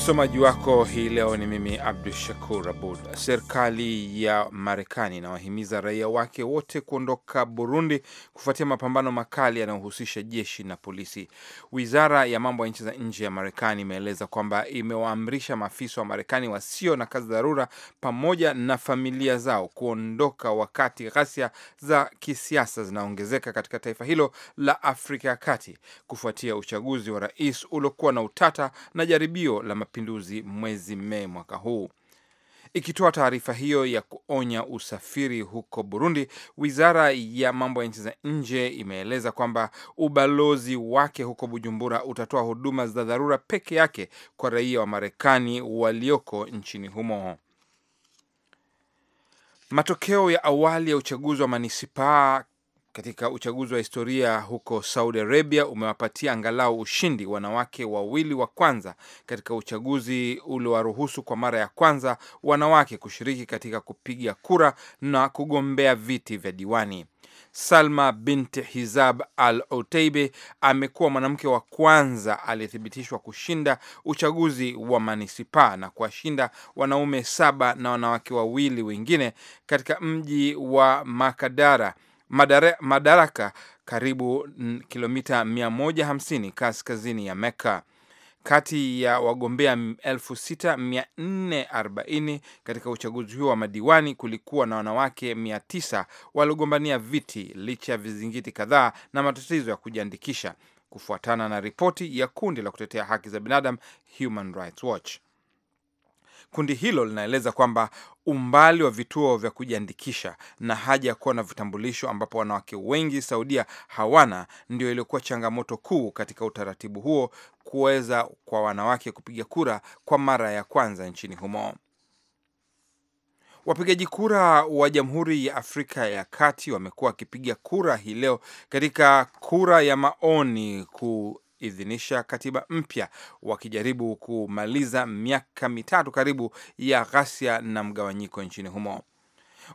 Msomaji wako hii leo ni mimi Abdu Shakur Abud. Serikali ya Marekani inawahimiza raia wake wote kuondoka Burundi kufuatia mapambano makali yanayohusisha jeshi na polisi. Wizara ya mambo ya nchi za nje ya Marekani imeeleza kwamba imewaamrisha maafisa wa Marekani wasio na kazi dharura pamoja na familia zao kuondoka wakati ghasia za kisiasa zinaongezeka katika taifa hilo la Afrika ya Kati kufuatia uchaguzi wa rais uliokuwa na utata na jaribio la mapinduzi mwezi Mei mwaka huu. Ikitoa taarifa hiyo ya kuonya usafiri huko Burundi, wizara ya mambo ya nchi za nje imeeleza kwamba ubalozi wake huko Bujumbura utatoa huduma za dharura peke yake kwa raia wa Marekani walioko nchini humo. Matokeo ya awali ya uchaguzi wa manisipaa katika uchaguzi wa historia huko Saudi Arabia umewapatia angalau ushindi wanawake wawili wa kwanza katika uchaguzi uliowaruhusu kwa mara ya kwanza wanawake kushiriki katika kupiga kura na kugombea viti vya diwani. Salma bint Hizab Al Oteibe amekuwa mwanamke wa kwanza aliyethibitishwa kushinda uchaguzi wa manisipaa na kuwashinda wanaume saba na wanawake wawili wengine katika mji wa Makadara madara, madaraka karibu kilomita 150 kaskazini ya Mecca. Kati ya wagombea 6440 katika uchaguzi huo wa madiwani kulikuwa na wanawake 900 waliogombania viti licha ya vizingiti kadhaa na matatizo ya kujiandikisha, kufuatana na ripoti ya kundi la kutetea haki za binadamu Human Rights Watch. Kundi hilo linaeleza kwamba umbali wa vituo vya kujiandikisha na haja ya kuwa na vitambulisho, ambapo wanawake wengi Saudia hawana, ndio iliyokuwa changamoto kuu katika utaratibu huo kuweza kwa wanawake kupiga kura kwa mara ya kwanza nchini humo. Wapigaji kura wa Jamhuri ya Afrika ya Kati wamekuwa wakipiga kura hii leo katika kura ya maoni ku kuidhinisha katiba mpya, wakijaribu kumaliza miaka mitatu karibu ya ghasia na mgawanyiko nchini humo.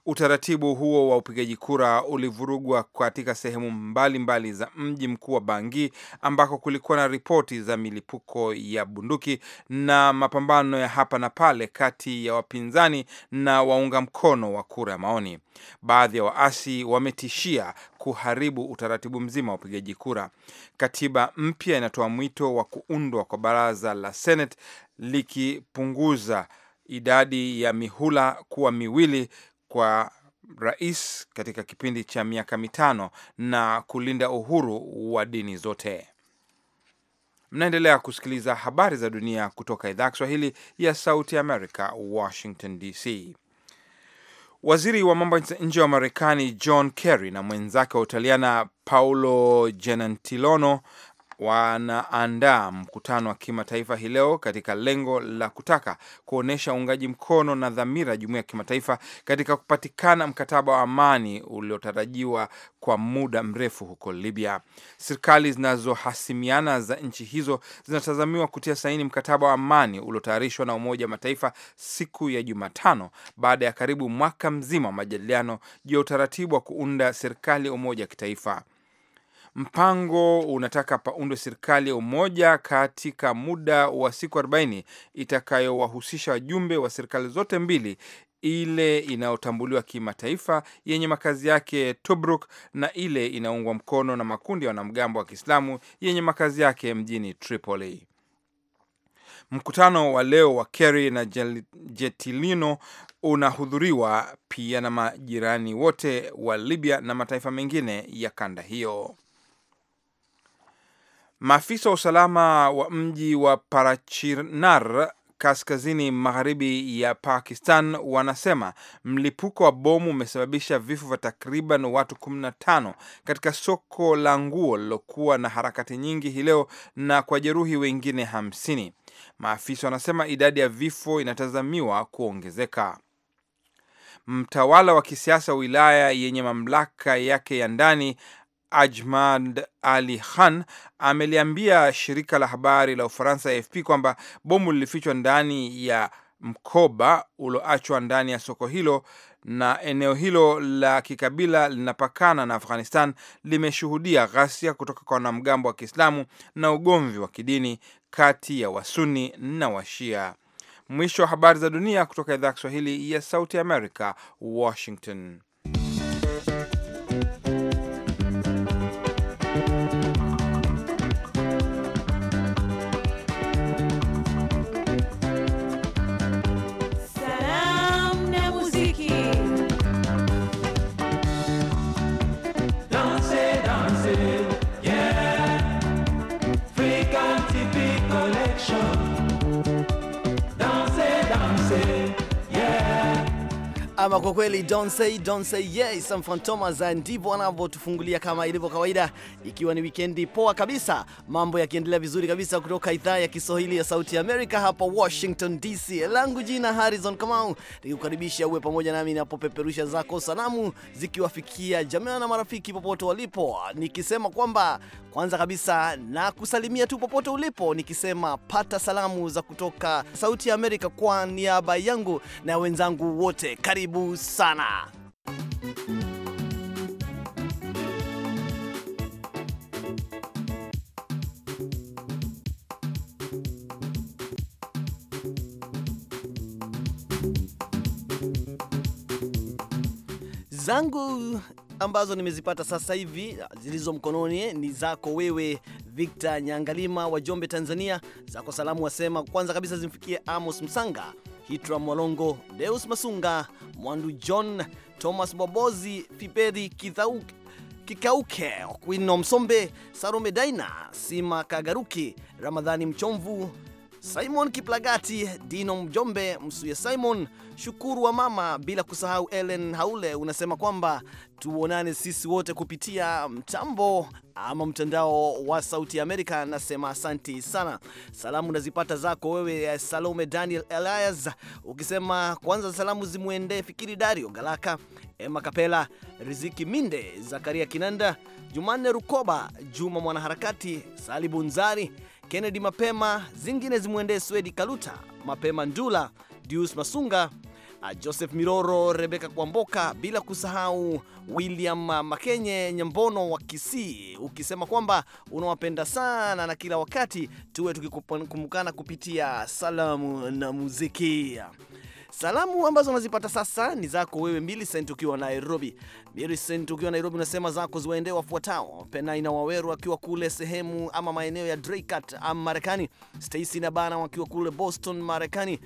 Utaratibu huo wa upigaji kura ulivurugwa katika sehemu mbalimbali mbali za mji mkuu wa Bangi ambako kulikuwa na ripoti za milipuko ya bunduki na mapambano ya hapa na pale kati ya wapinzani na waunga mkono wa kura ya maoni. Baadhi ya waasi wametishia kuharibu utaratibu mzima wa upigaji kura. Katiba mpya inatoa mwito wa kuundwa kwa baraza la Senate likipunguza idadi ya mihula kuwa miwili kwa rais katika kipindi cha miaka mitano na kulinda uhuru wa dini zote. Mnaendelea kusikiliza habari za dunia kutoka idhaa ya Kiswahili ya Sauti Amerika, Washington DC. Waziri wa mambo ya nje wa Marekani John Kerry na mwenzake wa Utaliana Paolo Gentiloni wanaandaa mkutano wa kimataifa hii leo katika lengo la kutaka kuonyesha uungaji mkono na dhamira ya jumuiya ya kimataifa katika kupatikana mkataba wa amani uliotarajiwa kwa muda mrefu huko Libya. Serikali zinazohasimiana za nchi hizo zinatazamiwa kutia saini mkataba wa amani uliotayarishwa na Umoja wa Mataifa siku ya Jumatano baada ya karibu mwaka mzima wa majadiliano juu ya utaratibu wa kuunda serikali ya umoja wa kitaifa. Mpango unataka paundwe serikali ya umoja katika muda wa siku 40 itakayowahusisha wajumbe wa serikali zote mbili, ile inayotambuliwa kimataifa yenye makazi yake Tobruk na ile inaungwa mkono na makundi ya wanamgambo wa Kiislamu yenye makazi yake mjini Tripoli. Mkutano wa leo wa Kerry na Jetilino unahudhuriwa pia na majirani wote wa Libya na mataifa mengine ya kanda hiyo. Maafisa wa usalama wa mji wa Parachinar kaskazini magharibi ya Pakistan wanasema mlipuko wa bomu umesababisha vifo vya takriban watu 15 katika soko la nguo lilokuwa na harakati nyingi hii leo na kwa jeruhi wengine 50. Maafisa wanasema idadi ya vifo inatazamiwa kuongezeka. Mtawala wa kisiasa wa wilaya yenye mamlaka yake ya ndani Ajmad Ali Khan ameliambia shirika la habari la Ufaransa AFP kwamba bomu lilifichwa ndani ya mkoba ulioachwa ndani ya soko hilo na eneo hilo la kikabila linapakana na Afghanistan limeshuhudia ghasia kutoka kwa wanamgambo wa Kiislamu na ugomvi wa kidini kati ya Wasuni na Washia. Mwisho wa habari za dunia kutoka idhaa ya Kiswahili ya Sauti america Washington. Ama kwa kweli don't say, don't say yes, Sam Fantomas uh, ndivyo wanavyotufungulia kama ilivyo kawaida, ikiwa ni wikendi poa kabisa, mambo yakiendelea vizuri kabisa, kutoka idhaa ya Kiswahili ya Sauti ya Amerika hapa Washington DC. Langu jina Harrison Kamau, nikukaribisha uwe pamoja nami napopeperusha zako salamu zikiwafikia jamaa na marafiki popote walipo, nikisema kwamba kwanza kabisa na kusalimia tu popote ulipo, nikisema pata salamu za kutoka Sauti ya Amerika kwa niaba yangu na wenzangu wote, karibu karibu sana. zangu ambazo nimezipata sasa hivi zilizo mkononi ni zako wewe Victor Nyangalima wa Jombe, Tanzania. Zako salamu wasema kwanza kabisa zimfikie Amos Msanga Hitra Mwalongo, Deus Masunga, Mwandu John, Thomas Bobozi, Piperi Kikauke, Okwino Msombe, Sarome Daina, Sima Kagaruki, Ramadhani Mchomvu, Simon Kiplagati, Dino Mjombe, Msuya Simon, Shukuru wa mama, bila kusahau Ellen Haule, unasema kwamba tuonane sisi wote kupitia mtambo ama mtandao wa Sauti Amerika. Nasema asanti sana. Salamu nazipata zako wewe Salome Daniel Elias, ukisema kwanza salamu zimwendee Fikiri Dario Galaka, Emma Kapela, Riziki Minde, Zakaria Kinanda, Jumanne Rukoba, Juma Mwanaharakati, nzari Kennedy Mapema, zingine zimwendee Swedi Kaluta, Mapema Ndula, Dius Masunga, Joseph Miroro, Rebeka Kwamboka, bila kusahau William Makenye Nyambono wa Kisii, ukisema kwamba unawapenda sana na kila wakati tuwe tukikumbukana kupitia salamu na muziki. Salamu ambazo unazipata sasa ni zako wewe Sent ukiwa Nairobi. Sent ukiwa Nairobi unasema zako ziwaendee wafuatao: Penina Waweru akiwa kule sehemu ama maeneo ya Draycott Marekani, Stacy na Bana wakiwa kule Boston Marekani,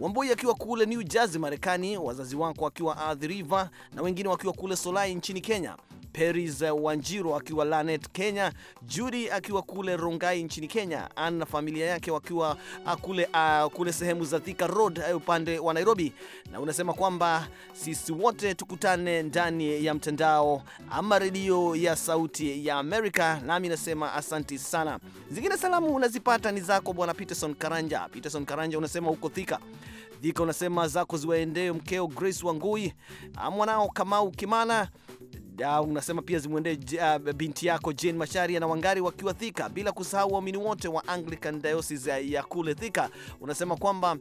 Wamboi akiwa kule New Jersey, Marekani, wazazi wako akiwa Athi River na wengine wakiwa kule Solai nchini Kenya, Peris Wanjiro akiwa Lanet, Kenya, Judy akiwa kule Rongai nchini Kenya, ana na familia yake wakiwa ah, kule, uh, kule sehemu za Thika Road eh, upande wa Nairobi, na unasema kwamba sisi wote tukutane ndani ya mtandao ama redio ya Sauti ya Amerika, nami nasema asanti sana. Zingine salamu unazipata ni zako Bwana Peterson Karanja. Peterson Karanja unasema huko Thika Dika unasema zako ziwaendee mkeo Grace Wangui, mwanao Kamau Kimana. unasema pia zimwendee uh, binti yako Jane Mashari na Wangari wakiwa Thika, bila kusahau waumini wote wa Anglican Diocese ya kule Thika. Unasema kwamba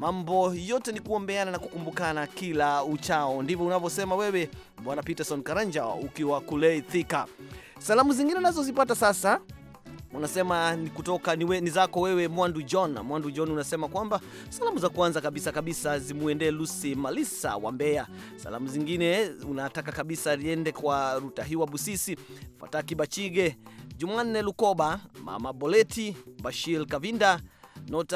mambo yote ni kuombeana na kukumbukana kila uchao. Ndivyo unavyosema wewe Bwana Peterson Karanja ukiwa kule Thika. Salamu zingine nazozipata sasa unasema ni kutoka ni, we, ni zako wewe Mwandu John. Mwandu John unasema kwamba salamu za kwanza kabisa kabisa zimuendee Lucy Malisa wa Mbeya. Salamu zingine unataka kabisa liende kwa Rutahiwa Busisi, Fataki Bachige, Jumanne Lukoba, Mama Boleti, Bashir Kavinda,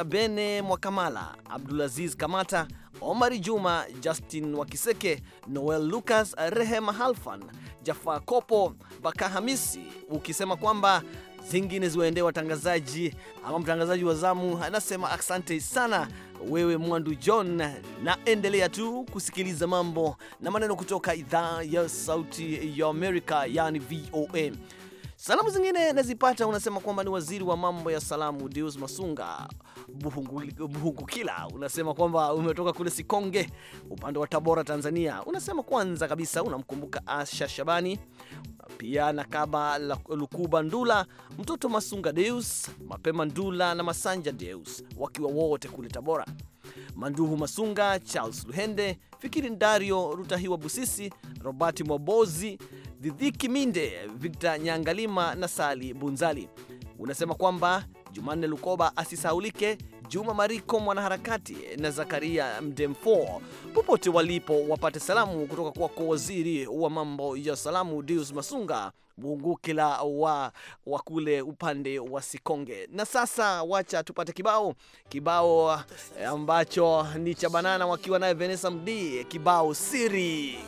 Bene Mwakamala, Abdulaziz Kamata, Omari Juma, Justin Wakiseke, Noel Lucas, Rehema Halfan, Jafar Kopo, bakahamisi ukisema kwamba zingine ziwaendee watangazaji. Ama mtangazaji wa zamu anasema asante sana wewe Mwandu John, naendelea tu kusikiliza mambo na maneno kutoka idhaa ya Sauti ya Amerika, yani VOA. Salamu zingine nazipata, unasema kwamba ni waziri wa mambo ya salamu Deus Masunga Buhungukila Buhungu. Unasema kwamba umetoka kule Sikonge upande wa Tabora, Tanzania. Unasema kwanza kabisa unamkumbuka Asha Shabani pia na Kaba Lukuba Ndula, mtoto Masunga Deus, Mapema Ndula na Masanja Deus wakiwa wote kule Tabora. Manduhu Masunga, Charles Luhende, Fikiri Ndario Rutahiwa Busisi, Robati Mwabozi dhidhiki Minde, Victor Nyangalima na Sali Bunzali. Unasema kwamba Jumanne Lukoba asisaulike, Juma Mariko mwanaharakati na Zakaria Mdemfo popote walipo wapate salamu kutoka kwako waziri wa mambo ya salamu Dius Masunga Mungukila wa, wa kule upande wa Sikonge. Na sasa wacha tupate kibao kibao ambacho ni cha Banana wakiwa naye Vanessa Mdi, kibao siri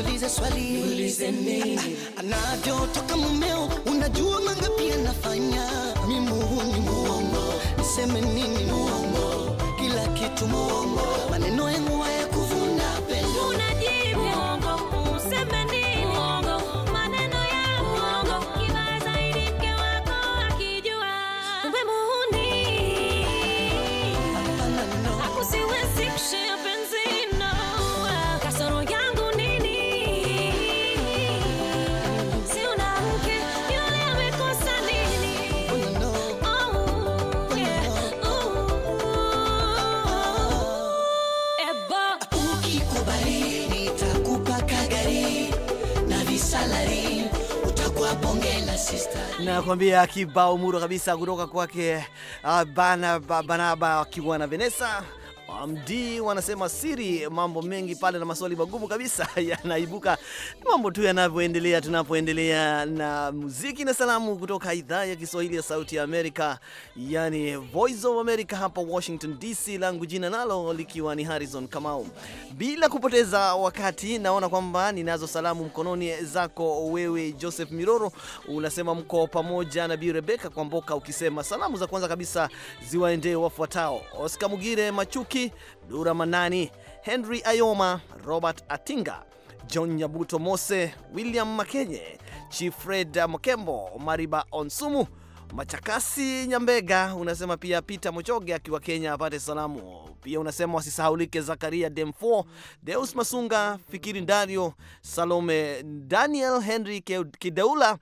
Muulize swali, muulize nini? Anavyotoka mumeo, unajua mangapi anafanya? Mi muuni muongo, niseme nini? Muongo, kila kitu muongo, maneno yangu haya Nakwambia kibao muro kabisa kutoka kwake ah, Bana Banaba akiwa na Vanessa mdi wanasema siri, mambo mengi pale na maswali magumu kabisa yanaibuka. Mambo tu yanavyoendelea, tunapoendelea na muziki na salamu kutoka idhaa ya Kiswahili ya Sauti ya Amerika, yani Voice of America hapa Washington DC, langu jina nalo likiwa ni Harrison Kamau. Bila kupoteza wakati, naona kwamba ninazo salamu mkononi zako wewe Joseph Miroro, unasema mko pamoja na Bi Rebeka Kwamboka, ukisema salamu za kwanza kabisa ziwaendee wafuatao: Oscar Mugire Machuki Dura Manani, Henry Ayoma, Robert Atinga, John Nyabuto Mose, William Makenye, fred Mokembo, Mariba Onsumu, Machakasi Nyambega unasema pia Peter Mochoge akiwa Kenya apate salamu. Pia unasema wasisahaulike Zakaria Demfo, Deus Masunga, Fikiri Dario, Salome Daniel, Henry Kideula,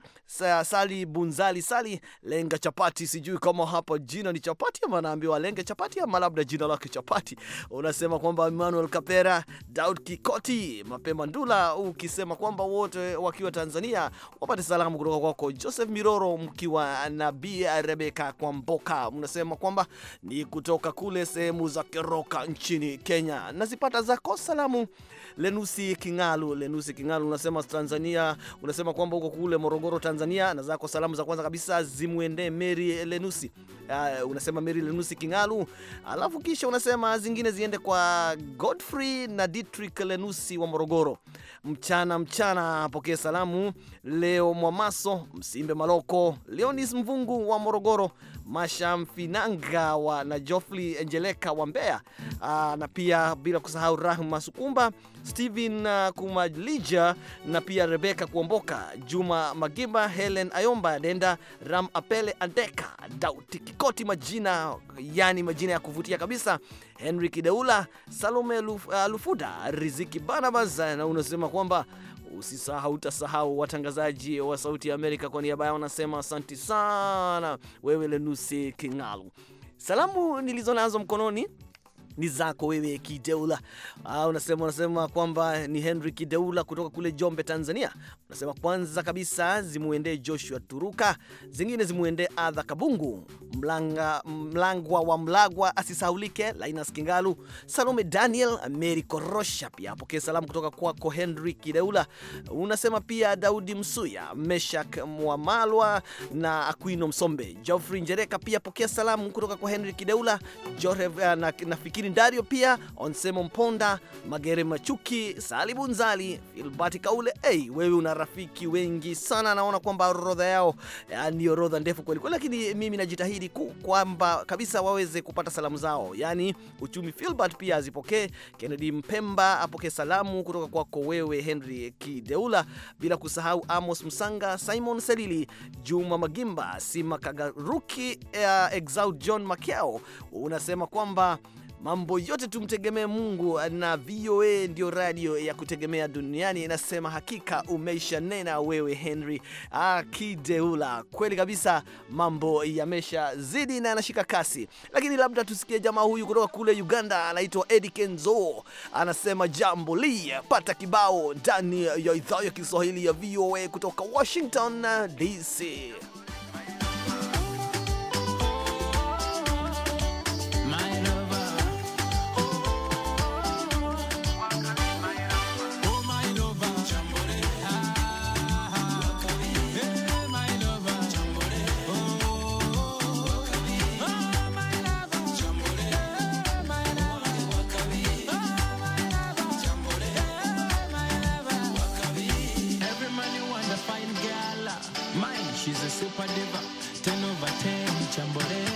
Sali Bunzali, Sali Lenga Chapati. Sijui kama hapo jina ni chapati ama naambiwa Lenga Chapati ama labda jina lake Chapati. Unasema kwamba Emmanuel Kapera, Daud Kikoti, Mapema Ndula, ukisema kwamba wote wakiwa Tanzania wapate salamu kutoka kwako Joseph Miroro mkiwa na Bi Rebeka Kwamboka, unasema kwamba ni kutoka kule sehemu za Keroka nchini Kenya. Nazipata zako salamu. Lenusi Kingalu, Lenusi Kingalu unasema Tanzania, unasema kwamba uko kule Morogoro, Tanzania, na zako salamu za kwanza kabisa zimwendee Mary Lenusi. Uh, unasema Mary Lenusi Kingalu, alafu kisha unasema zingine ziende kwa Godfrey na Dietrich Lenusi wa Morogoro. Mchana mchana apokee salamu leo Mwamaso Msimbe Maloko, Leonis Mvungu Mungu wa Morogoro, Mashamfinanga wa na Jofli Enjeleka wa Mbeya, uh, na pia bila kusahau Rahma Sukumba, Steven uh, Kumalija na pia Rebeka Kuomboka, Juma Magimba, Helen Ayomba Denda, Ram Apele Andeka, Dauti Kikoti, majina yani majina ya kuvutia kabisa, Henry Kideula, Salome Luf, uh, Lufuda, Riziki Barnabas, na unasema kwamba Usisahau, utasahau watangazaji wa Sauti ya Amerika. Kwa niaba yao wanasema asanti sana, wewe Lenusi Kingalu. Salamu nilizo nazo mkononi ni zako wewe Kideula. Ah, unasema unasema kwamba ni Henry Kideula kutoka kule Jombe, Tanzania. Unasema kwanza kabisa zimuendee Joshua Turuka, zingine zimuendee Adha Kabungu, Mlanga Mlangwa wa Mlagwa, asisaulike Linus Kingalu, Salome Daniel, Mary Korosha, pia apokee salamu kutoka kwako Henry Kideula. Unasema pia Daudi Msuya, Meshak Mwamalwa na Akwino Msombe, Geoffrey Njereka, pia apokea salamu kutoka kwa Henry Kideula. Jorev, eh, na, nafikiri Dario, pia Onsemo Mponda, Magere Machuki, Salibunzali, Filbati Kaule. Hey, wewe una rafiki wengi sana, naona kwamba orodha yao eh, ni orodha ndefu kweli kweli, lakini mimi najitahidi kwamba kabisa waweze kupata salamu zao, yani uchumi Filbert pia azipokee, Kennedy Mpemba apokee salamu kutoka kwako wewe Henry Kideula, bila kusahau Amos Msanga, Simon Selili, Juma Magimba, Sima Kagaruki, eh, Exaud John Makeo. Unasema kwamba Mambo yote tumtegemee Mungu, na VOA ndio radio ya kutegemea duniani inasema, hakika umeisha nena wewe Henry Akideula. Kweli kabisa, mambo yamesha zidi na yanashika kasi, lakini labda tusikie jamaa huyu kutoka kule Uganda, anaitwa Eddie Kenzo, anasema jambo li pata kibao ndani ya idhaa ya Kiswahili ya VOA kutoka Washington DC. ten over ten, chambore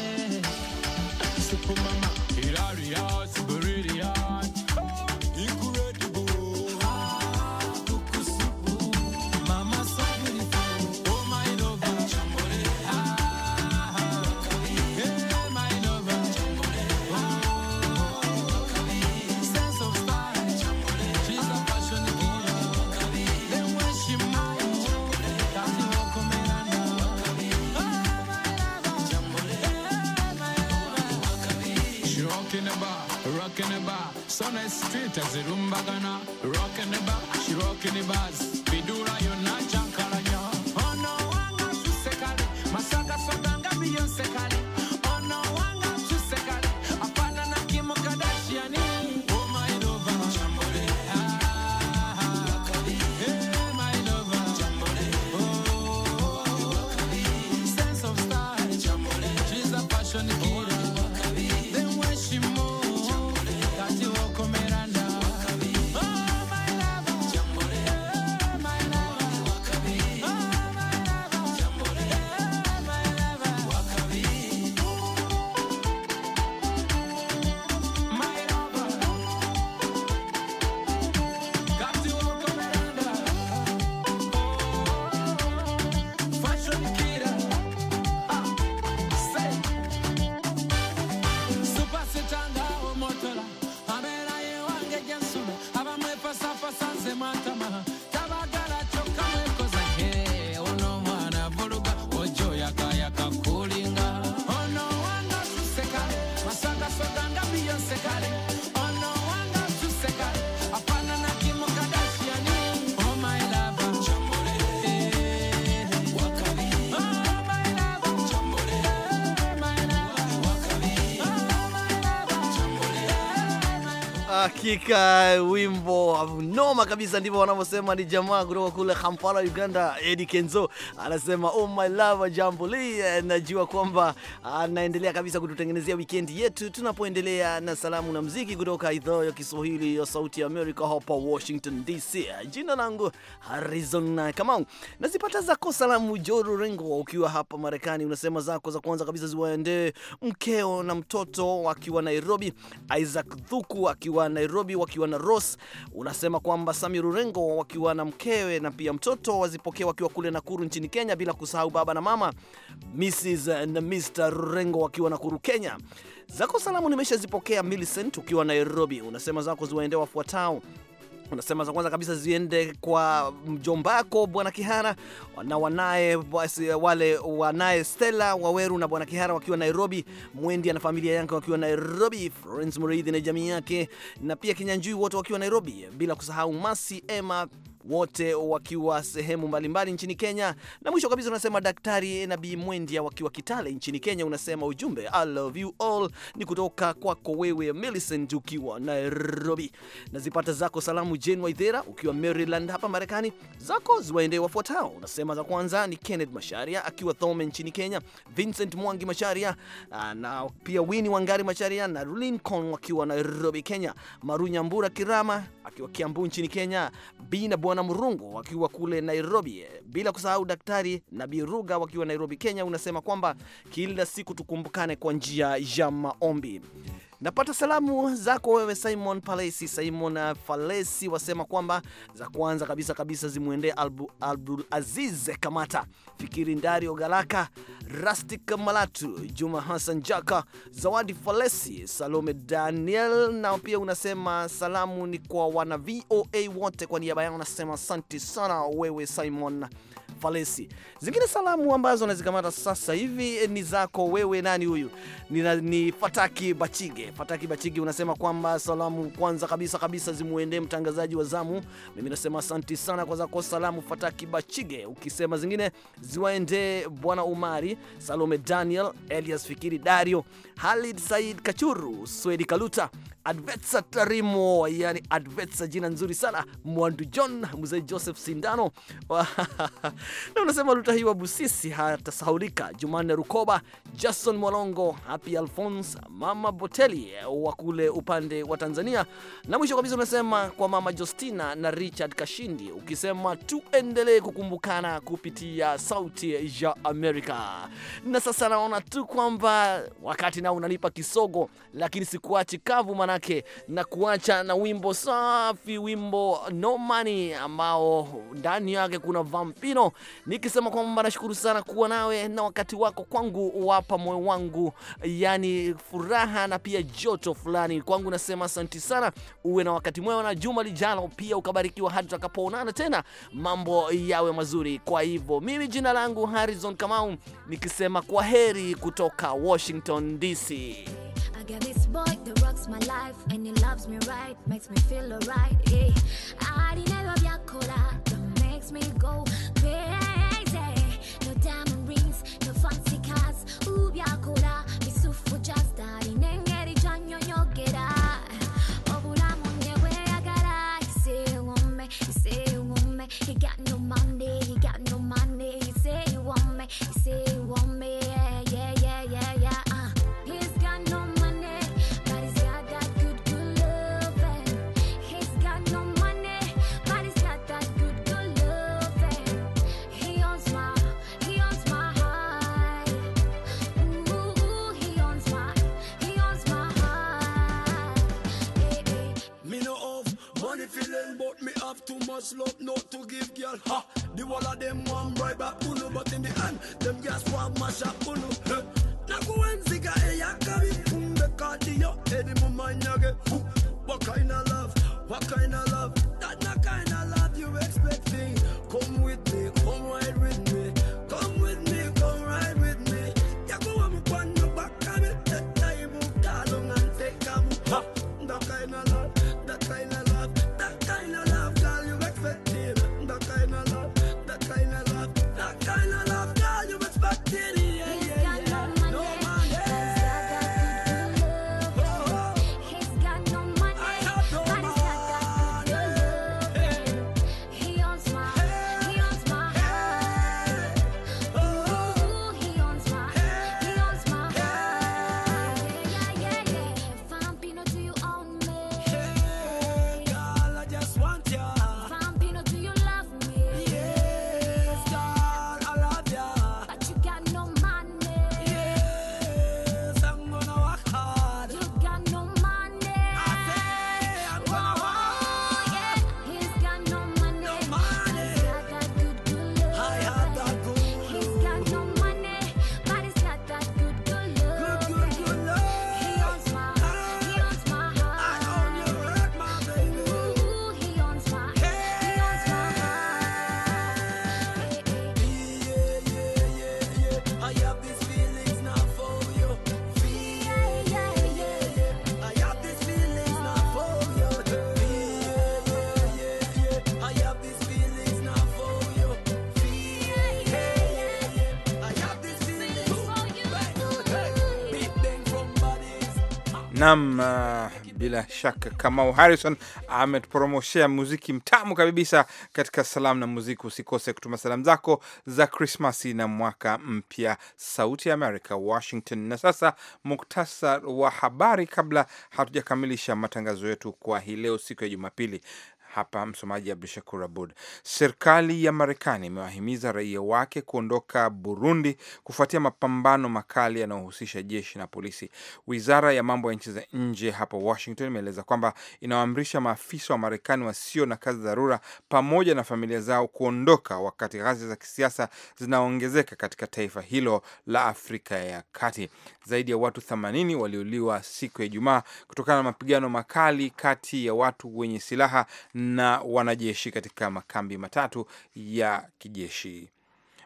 Hakika wimbo noma kabisa, ndivyo wanavyosema. Ni jamaa kutoka kule Kampala, Uganda, Eddie Kenzo anasema oh my love, jambulie. Najua kwamba anaendelea kabisa kututengenezea weekend yetu tunapoendelea na salamu na mziki kutoka idhaa ya Kiswahili ya Sauti ya Amerika hapa Washington DC. Jina langu Harrison Kamau, nazipata zako salamu. Joru Rengo, ukiwa hapa Marekani, unasema zako za kwanza kabisa ziwaendee mkeo na mtoto wakiwa Nairobi, Isaac Thuku akiwa Nairobi wakiwa na Ross. Unasema kwamba Sami Rurengo wakiwa na mkewe na pia mtoto wazipokea wakiwa kule Nakuru nchini Kenya, bila kusahau baba na mama Mrs na Mr Rurengo wakiwa Nakuru Kenya. Zako salamu nimeshazipokea. Millicent ukiwa Nairobi unasema zako ziwaendea wafuatao Unasema za kwanza kabisa ziende kwa mjombako Bwana Kihara na wanaye wale wanaye Stella Waweru na Bwana Kihara wakiwa Nairobi, Mwendi na familia yake wakiwa Nairobi, Florence Muriithi na jamii yake, na pia Kinyanjui wote wakiwa Nairobi, bila kusahau Masi Emma wote wakiwa sehemu mbalimbali nchini Kenya. Na mwisho kabisa unasema Daktari Nabi Mwendia wakiwa Kitale nchini Kenya, unasema ujumbe I love you all ni kutoka kwako wewe Millicent ukiwa Nairobi. Na zipata zako salamu Jane Waithera ukiwa Maryland hapa Marekani, zako ziwaende wafuatao. Unasema za kwanza ni Kenneth Masharia akiwa Thome nchini Kenya, Vincent Mwangi Masharia ah, na pia Wini Wangari Masharia na Lincoln wakiwa Nairobi Kenya, Marunya Mbura Kirama akiwa Kiambu nchini Kenya, Bina Mwanamrungu wakiwa kule Nairobi, eh, bila kusahau Daktari na Biruga wakiwa Nairobi, Kenya, unasema kwamba kila siku tukumbukane kwa njia ya maombi. Napata salamu zako wewe Simon Palesi. Simon Falesi wasema kwamba za kwanza kabisa kabisa zimwendee Abdul Aziz Kamata, Fikiri Ndario, Galaka Rastik, Malatu Juma Hassan, Jaka Zawadi, Falesi Salome, Daniel. Na pia unasema salamu ni kwa wana VOA wote, kwa niaba yao nasema asante sana wewe Simon Palesi. Zingine salamu ambazo nazikamata sasa hivi eh, ni zako wewe, nani huyu? Ni, ni Fataki Bachige. Fataki Bachige unasema kwamba salamu kwanza kabisa kabisa zimuendee mtangazaji wa zamu. Mimi nasema asanti sana kwa zako salamu Fataki Bachige, ukisema zingine ziwaendee Bwana Umari, Salome Daniel, Elias Fikiri, Dario Halid Said Kachuru, Swedi Kaluta, Advetsa Tarimo, yani Advetsa jina nzuri sana, Mwandu John, Mzee Joseph Sindano na unasema Lutahiwa Busisi hatasahaulika, Jumanne Rukoba, Jason Mwalongo, Happy Alphonse, Mama Boteli wa kule upande wa Tanzania, na mwisho kabisa unasema kwa Mama Justina na Richard Kashindi, ukisema tuendelee kukumbukana kupitia Sauti ya America. Na sasa naona tu kwamba wakati na unalipa kisogo, lakini sikuachi kavu manake na kuacha na wimbo safi, wimbo No Money ambao ndani yake kuna Vampino, nikisema kwamba nashukuru sana kuwa nawe na wakati wako kwangu, wapa moyo wangu yani furaha na pia joto fulani kwangu. Nasema asanti sana, uwe na wakati mwema na juma lijalo pia ukabarikiwa, hadi tutakapoonana tena, mambo yawe mazuri. Kwa hivyo mimi jina langu Harrison Kamau nikisema kwa heri kutoka Washington DC. Casey. I got this boy that rocks my life and he loves me right, makes me feel alright. Any woman you get, what kind of love? What kind of love? Naam, uh, bila shaka Kamau Harrison ametupromoshea muziki mtamu kabisa katika salamu na muziki. Usikose kutuma salamu zako za Krismasi na mwaka mpya. Sauti ya Amerika, Washington. Na sasa muktasar wa habari, kabla hatujakamilisha matangazo yetu kwa hii leo, siku ya Jumapili. Hapa msomaji Abdu Shakur Abud. Serikali ya Marekani imewahimiza raia wake kuondoka Burundi kufuatia mapambano makali yanayohusisha jeshi na polisi. Wizara ya mambo ya nchi za nje hapa Washington imeeleza kwamba inawaamrisha maafisa wa Marekani wasio na kazi dharura pamoja na familia zao kuondoka wakati ghasia za kisiasa zinaongezeka katika taifa hilo la Afrika ya Kati. Zaidi ya watu 80 waliuliwa siku ya Ijumaa kutokana na mapigano makali kati ya watu wenye silaha na wanajeshi katika makambi matatu ya kijeshi.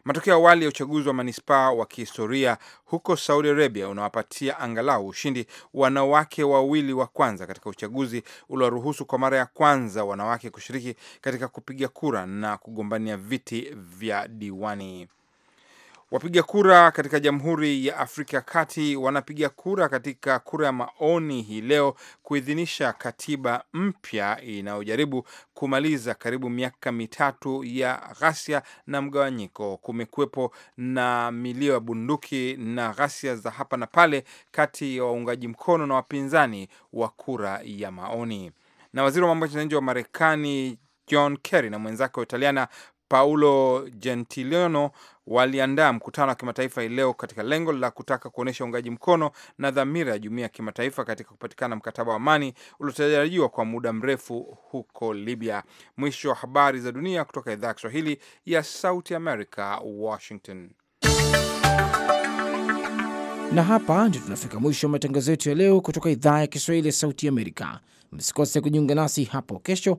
Matokeo awali ya uchaguzi wa manispaa wa kihistoria huko Saudi Arabia unawapatia angalau ushindi wanawake wawili wa kwanza katika uchaguzi ulioruhusu kwa mara ya kwanza wanawake kushiriki katika kupiga kura na kugombania viti vya diwani. Wapiga kura katika Jamhuri ya Afrika ya Kati wanapiga kura katika kura ya maoni hii leo kuidhinisha katiba mpya inayojaribu kumaliza karibu miaka mitatu ya ghasia na mgawanyiko. Kumekuwepo na milio ya bunduki na ghasia za hapa na pale kati ya waungaji mkono na wapinzani wa kura ya maoni. Na waziri wa mambo ya nje wa Marekani John Kerry na mwenzake wa Italiana Paulo Gentiloni waliandaa mkutano wa kimataifa hii leo katika lengo la kutaka kuonyesha uungaji mkono na dhamira ya jumuiya ya kimataifa katika kupatikana mkataba wa amani uliotarajiwa kwa muda mrefu huko Libya. Mwisho wa habari za dunia kutoka idhaa ya Kiswahili ya Sauti America, Washington. Na hapa ndio tunafika mwisho wa matangazo yetu ya leo kutoka idhaa ya Kiswahili ya Sauti Amerika. Msikose kujiunga nasi hapo kesho